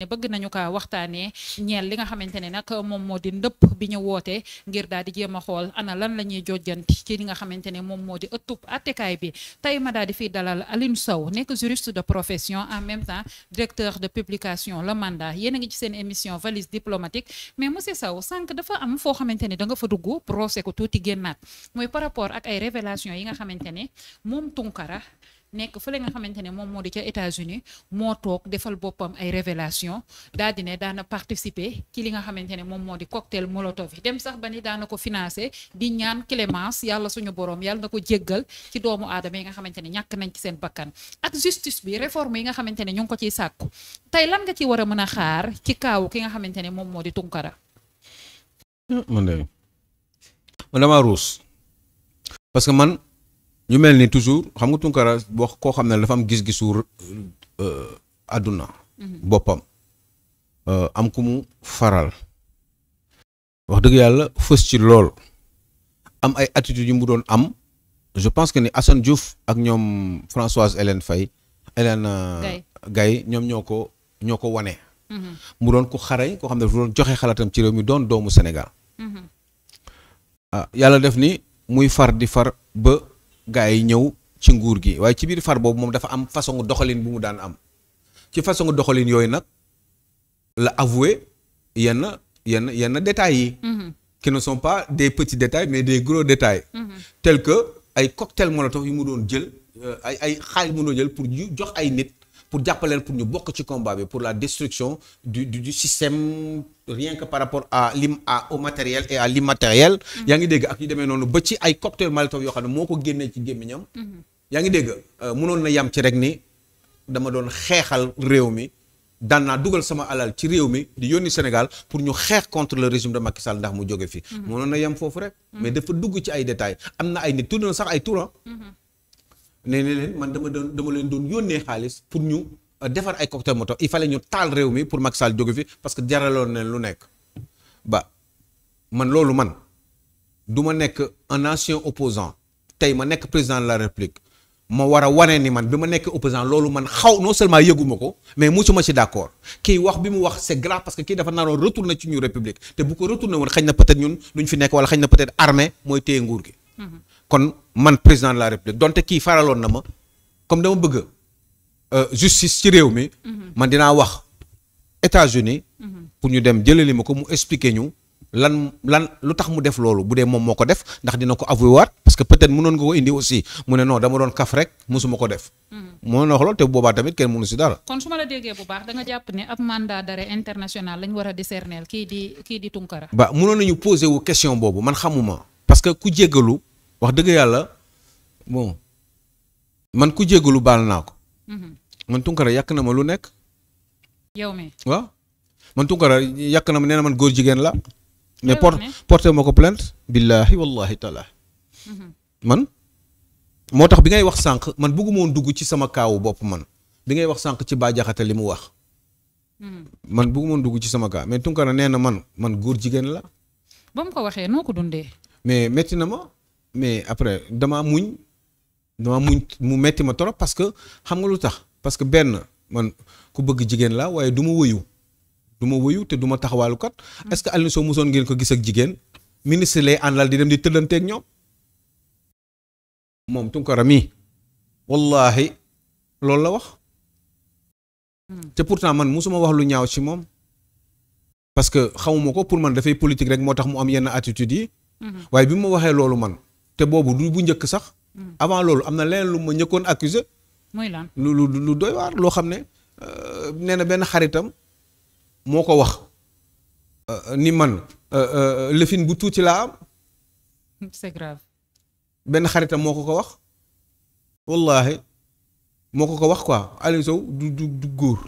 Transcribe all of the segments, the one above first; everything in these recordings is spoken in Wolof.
ne bëgg nañu kaa waxtaanee ñeel li nga xamante ne nag moom moo di ndëpp bi ñu woote ngir daal di jéem a xool ana lan la ñuy jojjanti ci li nga xamante ne moom moo di ëttub attekaay bi tey ma daal fi fiy dalal Alioune Sow nekk juriste de profession en même temps directeur de publication la Mandat yéen a ngi ci seen émission valise diplomatique mais monsieur saw sànq dafa am foo xamante ne da fa dugg procès ko tuuti génnaat mooy par rapport ak ay révélation yi nga xamante ne moom Tunkara nekk fële nga xamante ne moom moo di ca États-Unis moo toog defal boppam ay révélation daal di ne daana participer ci li nga xamante ne moom moo di cocktail molotov yi dem sax ba ni daana ko financé di ñaan clémence yàlla suñu borom yàlla na ko jéggal ci doomu aadama yi nga xamante ne ñàkk nañ ci seen bakkan ak justice bi réforme yi nga xamante ne ñu ngi ko ciy sàkku tey lan nga ci war a mën a xaar ci kaaw ki nga xamante ne moom moo di Tunkara man ruus ñu mel ni toujours xam nga Tunkara wax koo xam ne dafa am gis-gisu àdduna euh, mm-hmm. boppam euh, am ku mu faral wax dëgg yàlla fës ci lool am ay attitudes yu mu doon am je pense que ni Assane Diouf ak ñoom Françoise Hélène Faye Hélène euh, Gaye ñoom ñoo ko ñoo ko wane mm-hmm. mu doon ku xare koo xam ne doon joxe xalaatam ci réew mi doon doomu Sénégal mm-hmm. ah, yàlla def ni muy far di far ba gars yi ñëw ci nguur gi waaye ci biir far boobu moom dafa am façon doxalin bu mu daan am ci façon doxalin yooyu nag la avoué yenn yenn yenn détails yi. Mhm. qui ne sont pas des petits détails mais des gros détails. Mhm. tels que ay cocktail molotov yu mu doon jël euh, ay ay xaalis mu doon jël pour jox ay nit. pour jàppaleen pour ñu bokk ci komba bi pour la destruction du du du système rien que par rapport à lim à au matériel et à l'immatériel mm-hmm. yaa ngi dégg ak ñu demee noonu ba ci ay cocktail Molotov yoo xam ne moo ko génnee ci gémmiñam mm-hmm. yaa ngi dégg euh, mënoon na yam ci rek ni dama doon xeexal réew mi daan dugal sama alal ci réew mi di yónni Sénégal pour ñu xeex contre le régime de Macky Sall ndax mu jóge fi mm-hmm. mënoon na yam foofu rek mais dafa dugg ci ay détails am na ay nit sax ay turan nee na leen man dama doon dama leen doon yónnee xaalis pour ñu euh, defar ay cocktail molotov il fallait ñu taal réew mi pour mag Sall jóge fi parce que jaraloon na lu nekk ba man loolu man du ma nekk un ancien opposant tey ma nekk président de la république ma war a wane ni man bi ma nekk opposant loolu man xaw non seulement yëguma ko mais musuma ci d'accord kii wax bi mu wax c'est grave parce que kii dafa naroon retourné ci ñu république te bu ko retourné woon ñun duñ fi nekk wala xëy na peut-être armée mooy téye nguur gi mm-hmm. kon man président de la république donte kii faraloon na ma comme dama bëgg euh, justice ci réew mi. Mhm. man dinaa wax États-Unis mhm. pour ñu dem jëlali ma ko mu expliquer ñu lan lan lu tax mu def loolu bu dee moom moo ko def ndax dina ko avoué waat parce que peut-être mënoon nga ko indi aussi mu ne non dama doon kaf rek mosuma ko def. mënoon mhm. na wax loolu te boobaa tamit kenn mënu si dara. kon su ma la déggee bu baax da nga jàpp ne ab mandat d'arrêt international lañu war a discerner kii di kii di Tunkara. ba mënoon nañu poser wu question boobu man xamuma parce que ku jéggalu. wax dëgg yàlla bon man ku jéggalu baal naa ko. Mhm. man Tunkara yàkk na ma lu nekk. yow mi waaw man Tunkara yàq na ma nee man góor jigéen la. mais por porté ma ko plainte. billaahi wallaahi mhm. moo tax bi ngay wax sànq man bëgguma woon dugg ci sama kaawu bopp man bi ngay wax sànq ci Bah li mu wax. Mhm. man bëgguma woon dugg ci sama kaa mais nee na man man góor jigéen la. ba mu ko na ma. mais après dama muñ dama muñ mu metti ma trop parce que xam nga lu tax parce que benn man ku bëgg jigéen laa waaye du ma wëyu du ma wëyu te duma ma taxawaalu kat mm. est-ce que Alioune Sow mosoon ngeen ko gis ak jigéen ministre lay àndal di dem di tëddanteeg ñoom moom Tunkara mii wallaahi loolu la wax mm. te pourtant man musuma wax lu ñaaw ci moom parce que xamuma ko pour man dafay politique rek moo tax mu am yenn attitude yi mm-hmm. waaye bi ma waxee loolu man te boobu du bu njëkk sax. Hmm. avant loolu am na leneen lu ma njëkkoon accusé. mooy lan lu lu lu doy waar loo xam ne euh, nee na benn xaritam moo ko wax. Euh, ni man euh, lëfin bu tuuti laa am. benn xaritam moo ko ko wax. wallaahi moo ko ko wax quoi Aliou du du góor.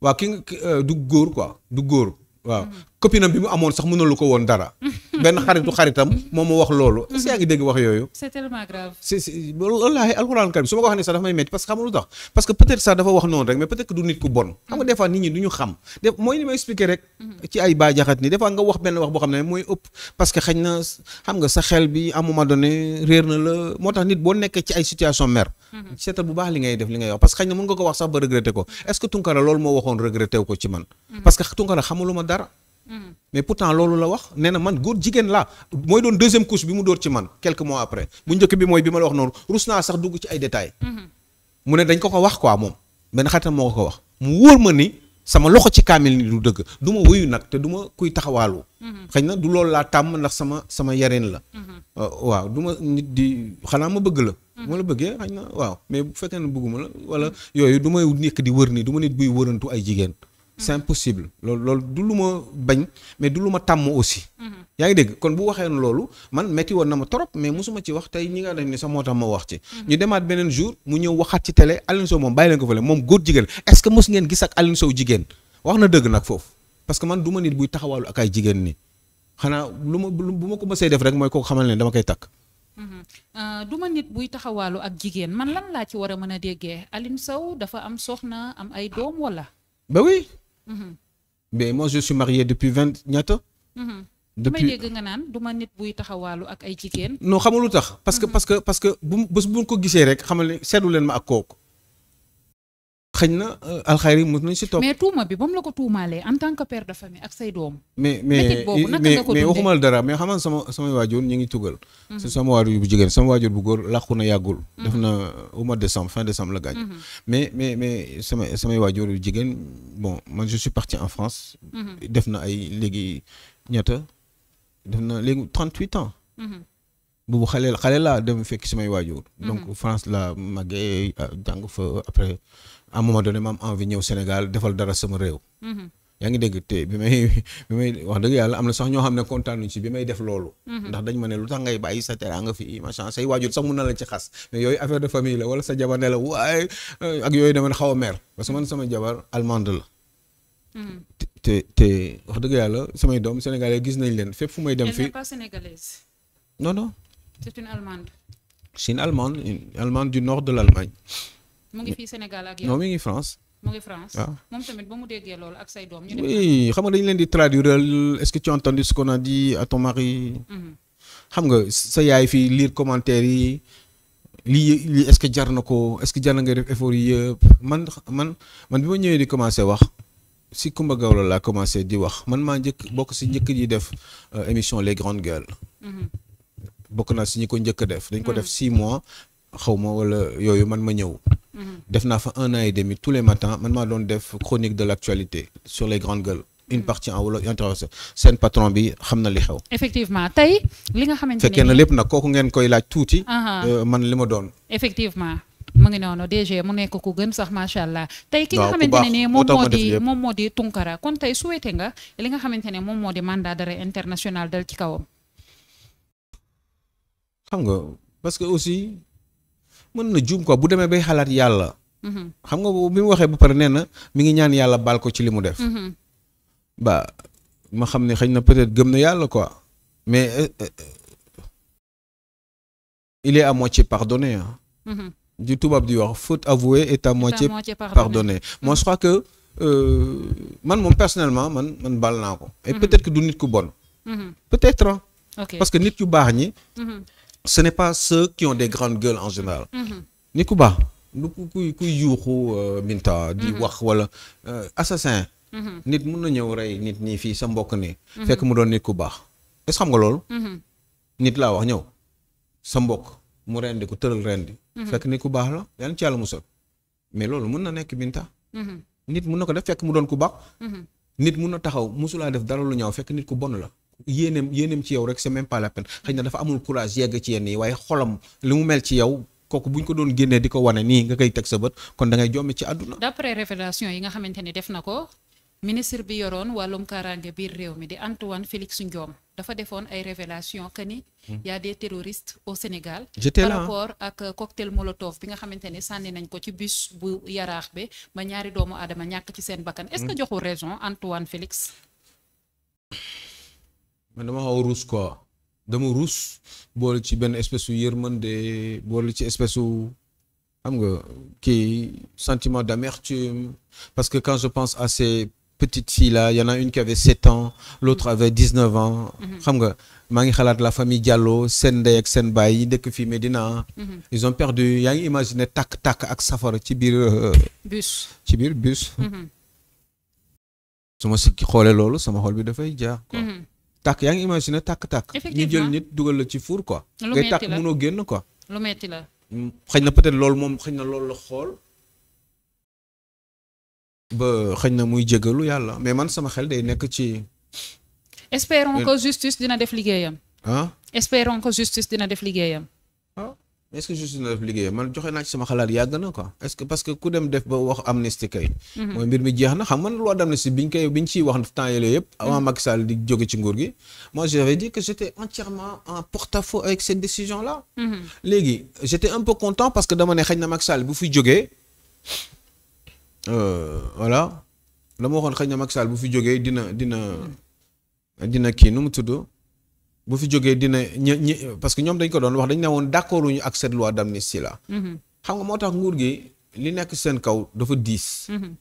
waa ki nga du góor quoi du góor. waaw hmm. copine bi mu amoon sax mënalu ko woon dara. benn xaritu xaritam moom moo wax loolu. est yaa ngi dégg wax yooyu. c'est tellement su ma ko wax sax ba regretter ko est que Tunkara loolu moo waxoon regretter ko ci man. Mm-hmm. parce que Tunkara xamuluma dara mais pourtant loolu la wax nee na man góor jigéen laa mooy doon deuxième couche bi mu dóor ci man quelques mois après bu njëkk bi mooy bi ma la wax noonu rus naa sax dugg ci ay détails mu ne dañ ko ko wax quoi moom benn xaritam moo ko ko wax mu wóor ma ni sama loxo ci kaamil ni du dëgg du ma wuyu nag te du ma kuy la xëy na du loolu laa tàmm ndax sama sama yareen la euh, waaw du ma nit di xanaa ma bëgg la moo la bëggee xëy na waaw mais bu fekkee ne bëgguma la wala yooyu du may nekk di wër nii du ma nit buy wërantu ay jigéen c'est impossible loolu loolu du lu ma bañ mais du lu ma tàmm aussi. yaa ngi dégg kon bu waxee loolu man métti woon na ma trop mais mosuma ci wax tey ñi nga dañ ne sax moo tax ma wax ci. ñu demaat beneen jour mu ñëw waxaat ci télé Alioune Sow moom bàyyi leen ko fële moom góor jigéen est mos ngeen gis ak Alioune Sow jigéen wax na dëgg nag foofu parce que man du nit buy taxawaalu ak ay jigéen lu ma bu ma ko def rek mooy kooku xamal ne dama koy takk. Mhm. Euh, du ma nit buy taxawaalu ak jigéen man lan laa ci war a mën a déggee Alioune Sow dafa am soxna am ay doom wala. Mhm. mais moi je suis marié depuis vingt ñaata. Mhm. depuis may dégg nga naan du ma nit buy taxawaalu ak ay jigéen. non xamalu tax. parce que mhm. parce que parce que bu bés bu ko gisee rek xamal ne seetlu leen ma ak kooku. xëñ na euh, alxayri mos nañ si topp. mais tuuma bi ba mu la ko tuumaalee en tant que père de ak say doom. mais mais mais waxuma dara mais xam sama samay waajur ñu ngi tugal. Mhm. si sama waajur bu jigéen sama waajur bu mhm. de décembre fin décembre mhm. mais mais mais sama samay waajur bu jigéen bon man je suis parti en France. def na ay léegi ñetta def na léegi 38 ans. boobu xale xale laa dem fekk samay waajur. Mhm. donc France la màggee euh, jàng fa après à un moment donné ma am envie ñëw Sénégal defal dara sama réew. Mhm. yaa ngi dégg te bi may bi may wax dëgg yàlla am na sax ñoo xam ne kontaan nañu ci bi may def loolu. Mhm. ndax dañ ma ne lu tax ngay bàyyi sa teraanga fii machin say waajur sax mun na la ci xas mais yooyu affaire de famille la wala sa jabar ne la waaye euh, ak yooyu dama xaw a mer parce que man sama jabar allemande la. te te wax dëgg yàlla samay doom sénégalais gis nañ leen fépp fu may dem. c'est une allemande. c'est une allemande une allemande du nord de l'Allemagne. mu ngi fii Sénégal ak yow non mi ngi France. mu ngi France waaw ah. moom tamit ba mu déggee loolu ak say doom. ñu dem oui xam nga dañu leen di traduire est-ce que tu as entendu ce qu'on a dit à ton mari. Mhm. xam nga sa yaay fii lire commentaire yi lii lii est-ce que jar na ko est-ce que jar na nga def effort yi yëpp man man man bi ma ñëwee di commencer wax si Coumba Gawlo laa commencer di wax man maa njëkk bokk si njëkk di def euh, émission les grandes gueules. Mhm. bokk naa si ñu ko njëkk a def. dañ ko def hmm. six mois xaw ma wala yooyu man ma ñëw. Hmm. def naa fa un an de demi tous les matins man maa doon def chronique de l' actualité sur les grandes gueules. Hmm. une partie en wolof international seen patron bi xam na li xew. effectivement tey li nga xamante ne lépp nag kooku ngeen koy laaj tuuti. Euh, man li ma doon. effectivement mu ngi noonu DG mu nekk ko gën sax macha allah. tey ki nga xamante ne moom moo di moom Tunkara kon tey souhaité nga li nga xamante ne moom moo di mandat d'arrêt international dal ci kawam. xam nga parce que aussi mën na juum quoi bu demee bay xalaat yàlla. Mm-hmm. xam nga bi mu waxee ba pare nee na mi ngi ñaan yàlla baal ko ci li mu def. Mm-hmm. ba ma xam ne xëy na peut-être gëm na yàlla ko mais euh, euh, euh, il est à moitié pardonné mm-hmm. di tubaab di wax faute avouée est à moitié pardonnée moi je crois que euh, man moom personnellement man man baal naa ko. et peut-être que du nit ku bon. peut-être. nit yu baax ñi. ce n'est pas ceux qui ont des grandes gueules en mm-hmm. ku baax lu ku kuy kuy yuuxu Binta. Euh, di mm-hmm. wax wala euh, assassin. Mm-hmm. nit mun na ñëw rey nit ñi fii sa mbokk ni fekk mu doon nit ku baax. est-ce xam nga loolu. nit laa wax ñëw sa mbokk mu rendi ku tëral rendi. fekk nit ku baax la yàlla ci yàlla mais loolu mun na nekk Binta. nit mun na ko def fekk mu doon ku baax. nit mun na taxaw musulaa def dara lu ñaaw fekk nit ku bon la. yéeneem yéeneem ci yow rek c'est même la peine xëy na dafa amul courage yegg ci yenn yi waaye xolam li mu mel ci yow kooku bu ko doon génnee di ko wane nii nga koy teg sa bët kon dangay jommi ci àdduna. d'après révélation yi nga xamante ni def na ko ministre bi yoroon wàllum kaaraange biir réew mi di Antoine Félix Ndiome dafa defoon ay révélation que ni. Hmm. y a des au Sénégal. j'étais là par rapport ak cocktail molotov bi nga xamante ne sànni nañ ko ci bus bu yaraax bi ba ñaari doomu aadama ñàkk ci seen bakkan. est-ce hmm. que joxul raison Antoine man dama xaw ruus quoi dama ruus boole ci benn espèce su yërmande boole ci espèce su xam nga kii sentiment d'amertume parce que quand je pense à ces petites filles la y en a une qui avait sept ans l'autre avait dix-neuf ans mhm. xam nga maa ngi xalaat la famille jàlloo seen ndey ak seen baay yi dëkk fii Medina mhm. ils ont perdu yaa ngi imaginer takk tàkk ak safara ci biir euh, bus ci biir bus mhm. su ma si xoolee loolu sama xool bi dafay jaar tàkk yaa ngi imaginer tàkk-tàkk. ñu jël nit dugal la ci fuur quoi. lu ngay tàkk mënoo génn quoi. lu metti la. Mm, xëy na peut-être loolu moom xëy na lool la xool. ba xëy na muy jégalu yàlla mais man sama xel day nekk ci. espérons que justice dina def liggéeyam. ah espérons que justice dina def liggéeyam. est-ce que justice dina def liggéeyam man joxe naa ci sama xalaat yàgg na quoi est-ce que parce que ku dem def ba wax amnistie kay. Mhm. mooy mbir mi jeex na xam man loi d'amnistie biñ koy biñ ciy wax temps yële yëpp. Mhm. avant Macky Sall di jóge ci nguur gi. moi j'avais dit que décision là. Mhm. léegi j'étais un parce que dama ne xëy na Macky Sall bu fi jógee euh, voilà dama waxoon xëy na Macky Sall bu fi jógee dina dina kii nu mu tudd. bu fi jógee dina ñi ñi parce que ñoom dañ ko doon wax dañ ne woon d'accord wuñu ak cette loi d'amnistie la mm-hmm. xam nga moo tax nguur gi li nekk seen kaw dafa diis mm-hmm.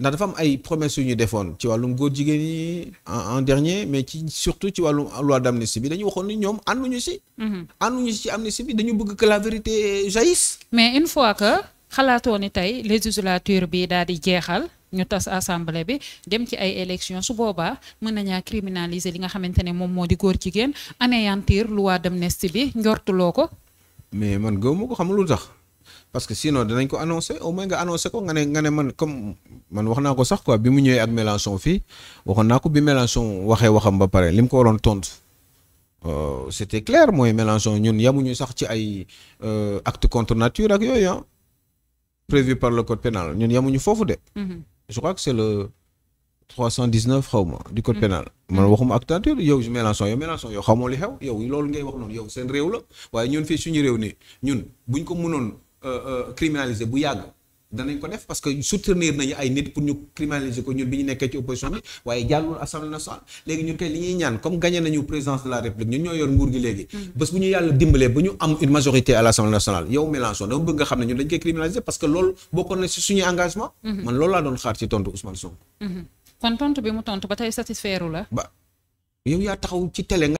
ndax dafa am ay promesses yu ñu defoon ci wàllum góor jigéen yi en dernier mais ci surtout ci wàllum loi d'amnistie bi dañu waxoon ni ñoom ànduñu si mm-hmm. ànduñu si ci amnistie bi dañu bëgg que la vérité jaillisse mais une fois que xalaatoo ni tey législature bi daal di jeexal ñu tas assemblée bi dem ci ay élections su boobaa mën nañaa criminaliser li nga xamante ne moom moo di góor jigéen anéantir loi d'amnistie bi njortuloo ko. mais man gëw ma ko xam lu tax parce que sinon danañ ko annoncé au moins nga annoncer ko nga ne nga ne man comme man wax naa ko sax quoi bi mu ñëwee ak Mélenchon fii waxoon naa ko bi Mélenchon waxee waxam ba pare lim mu ko waroon tontu. Euh, c'était clair mooy Mélenchon ñun yamuñu sax ci ay euh, acte contre nature ak yooyu prévu ñun yamuñu foofu de. Mhm. je crois que c'est le 319 xaw ma du code mm. pénal man mm. waxuma ak tantôt yow Mélenchon yow Mélenchon yow xamoo li xew yow loolu ngay wax noonu yow seen réew la waaye ñun fii suñu réew ni ñun buñ ko mënoon euh, euh, criminaliser bu yàgg danañ ko def parce que soutenir nañu ay nit pour ñu criminaliser ko ñun bi ñu nekkee ci opposition bi waaye jàllul assemblée nationale léegi ñun kay li ñuy ñaan comme gagné nañu présidence de la république ñun ñoo yor nguur gi léegi mm. bés bu ñu yàlla dimbalee ba ñu am majorité à l' assemblée nationale yow Mélenchon dama bëgg nga xam ne ñun dañ koy criminaliser parce que loolu bokkoon na si suñu engagement mm-hmm. man loolu laa doon xaar ci tontu Ousmane Sonko mm-hmm. kon